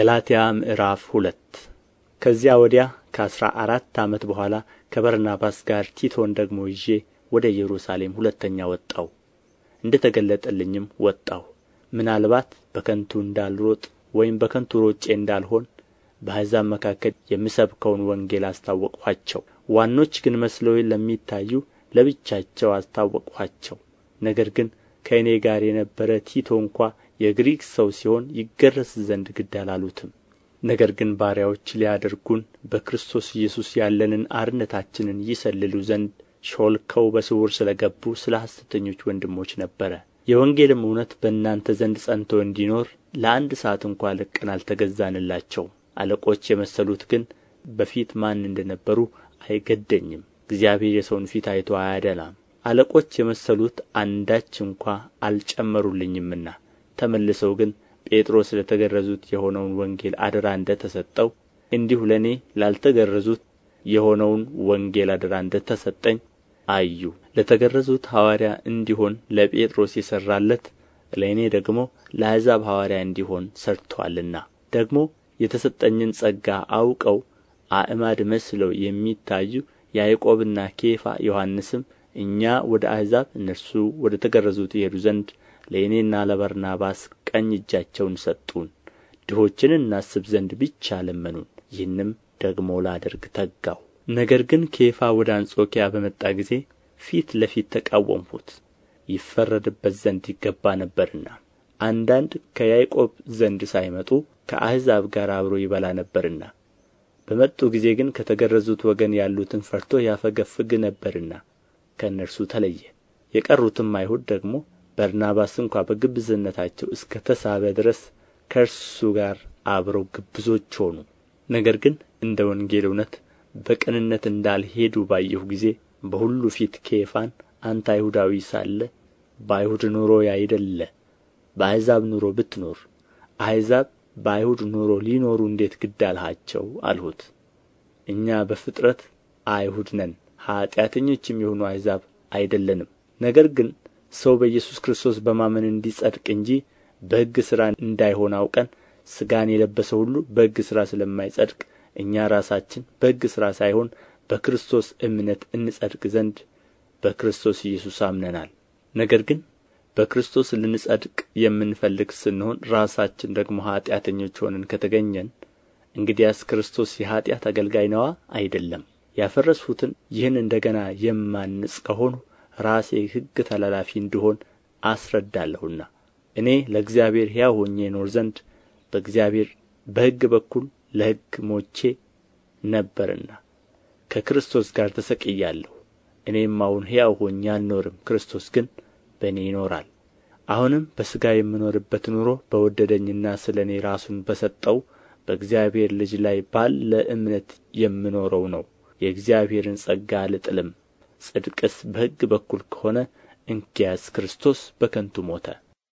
ገላትያ ምዕራፍ ሁለት ከዚያ ወዲያ ከአሥራ አራት ዓመት በኋላ ከበርናባስ ጋር ቲቶን ደግሞ ይዤ ወደ ኢየሩሳሌም ሁለተኛ ወጣሁ እንደ ተገለጠልኝም ወጣሁ ምናልባት በከንቱ እንዳልሮጥ ወይም በከንቱ ሮጬ እንዳልሆን በአሕዛብ መካከል የምሰብከውን ወንጌል አስታወቅኋቸው ዋኖች ግን መስለው ለሚታዩ ለብቻቸው አስታወቅኋቸው ነገር ግን ከእኔ ጋር የነበረ ቲቶ እንኳ የግሪክ ሰው ሲሆን ይገረዝ ዘንድ ግድ አላሉትም ነገር ግን ባሪያዎች ሊያደርጉን በክርስቶስ ኢየሱስ ያለንን አርነታችንን ይሰልሉ ዘንድ ሾልከው በስውር ስለ ገቡ ስለ ሐሰተኞች ወንድሞች ነበረ የወንጌልም እውነት በእናንተ ዘንድ ጸንቶ እንዲኖር ለአንድ ሰዓት እንኳ ለቀን አልተገዛንላቸው አለቆች የመሰሉት ግን በፊት ማን እንደ ነበሩ አይገደኝም እግዚአብሔር የሰውን ፊት አይቶ አያደላም አለቆች የመሰሉት አንዳች እንኳ አልጨመሩልኝምና ተመልሰው ግን ጴጥሮስ ለተገረዙት የሆነውን ወንጌል አደራ እንደ ተሰጠው እንዲሁ ለእኔ ላልተገረዙት የሆነውን ወንጌል አደራ እንደ ተሰጠኝ አዩ ለተገረዙት ሐዋርያ እንዲሆን ለጴጥሮስ የሠራለት ለእኔ ደግሞ ለአሕዛብ ሐዋርያ እንዲሆን ሠርቶአልና ደግሞ የተሰጠኝን ጸጋ አውቀው አእማድ መስለው የሚታዩ ያዕቆብና ኬፋ ዮሐንስም እኛ ወደ አሕዛብ እነርሱ ወደ ተገረዙት ይሄዱ ዘንድ ለእኔና ለበርናባስ ቀኝ እጃቸውን ሰጡን ድሆችን እናስብ ዘንድ ብቻ ለመኑን ይህንም ደግሞ ላደርግ ተጋሁ ነገር ግን ኬፋ ወደ አንጾኪያ በመጣ ጊዜ ፊት ለፊት ተቃወምሁት ይፈረድበት ዘንድ ይገባ ነበርና አንዳንድ ከያዕቆብ ዘንድ ሳይመጡ ከአሕዛብ ጋር አብሮ ይበላ ነበርና በመጡ ጊዜ ግን ከተገረዙት ወገን ያሉትን ፈርቶ ያፈገፍግ ነበርና ከእነርሱ ተለየ የቀሩትም አይሁድ ደግሞ በርናባስ እንኳ በግብዝነታቸው እስከ ተሳበ ድረስ ከእርሱ ጋር አብረው ግብዞች ሆኑ ነገር ግን እንደ ወንጌል እውነት በቅንነት እንዳልሄዱ ባየሁ ጊዜ በሁሉ ፊት ኬፋን አንተ አይሁዳዊ ሳለ በአይሁድ ኑሮ ያይደለ በአሕዛብ ኑሮ ብትኖር አሕዛብ በአይሁድ ኑሮ ሊኖሩ እንዴት ግድ አልሃቸው አልሁት። እኛ በፍጥረት አይሁድ ነን፣ ኀጢአተኞችም የሆኑ አሕዛብ አይደለንም። ነገር ግን ሰው በኢየሱስ ክርስቶስ በማመን እንዲጸድቅ እንጂ በሕግ ሥራ እንዳይሆን አውቀን ሥጋን የለበሰ ሁሉ በሕግ ሥራ ስለማይጸድቅ እኛ ራሳችን በሕግ ሥራ ሳይሆን በክርስቶስ እምነት እንጸድቅ ዘንድ በክርስቶስ ኢየሱስ አምነናል። ነገር ግን በክርስቶስ ልንጸድቅ የምንፈልግ ስንሆን ራሳችን ደግሞ ኀጢአተኞች ሆነን ከተገኘን እንግዲያስ ክርስቶስ የኀጢአት አገልጋይ ነዋ? አይደለም። ያፈረስሁትን ይህን እንደ ገና የማንጽ ከሆኑ ራሴ ሕግ ተላላፊ እንድሆን አስረዳለሁና እኔ ለእግዚአብሔር ሕያው ሆኜ እኖር ዘንድ በእግዚአብሔር በሕግ በኩል ለሕግ ሞቼ ነበርና ከክርስቶስ ጋር ተሰቅያለሁ። እኔም አሁን ሕያው ሆኜ አልኖርም ክርስቶስ ግን በእኔ ይኖራል አሁንም በሥጋ የምኖርበት ኑሮ በወደደኝና ስለ እኔ ራሱን በሰጠው በእግዚአብሔር ልጅ ላይ ባለ እምነት የምኖረው ነው የእግዚአብሔርን ጸጋ አልጥልም ጽድቅስ በሕግ በኩል ከሆነ እንኪያስ ክርስቶስ በከንቱ ሞተ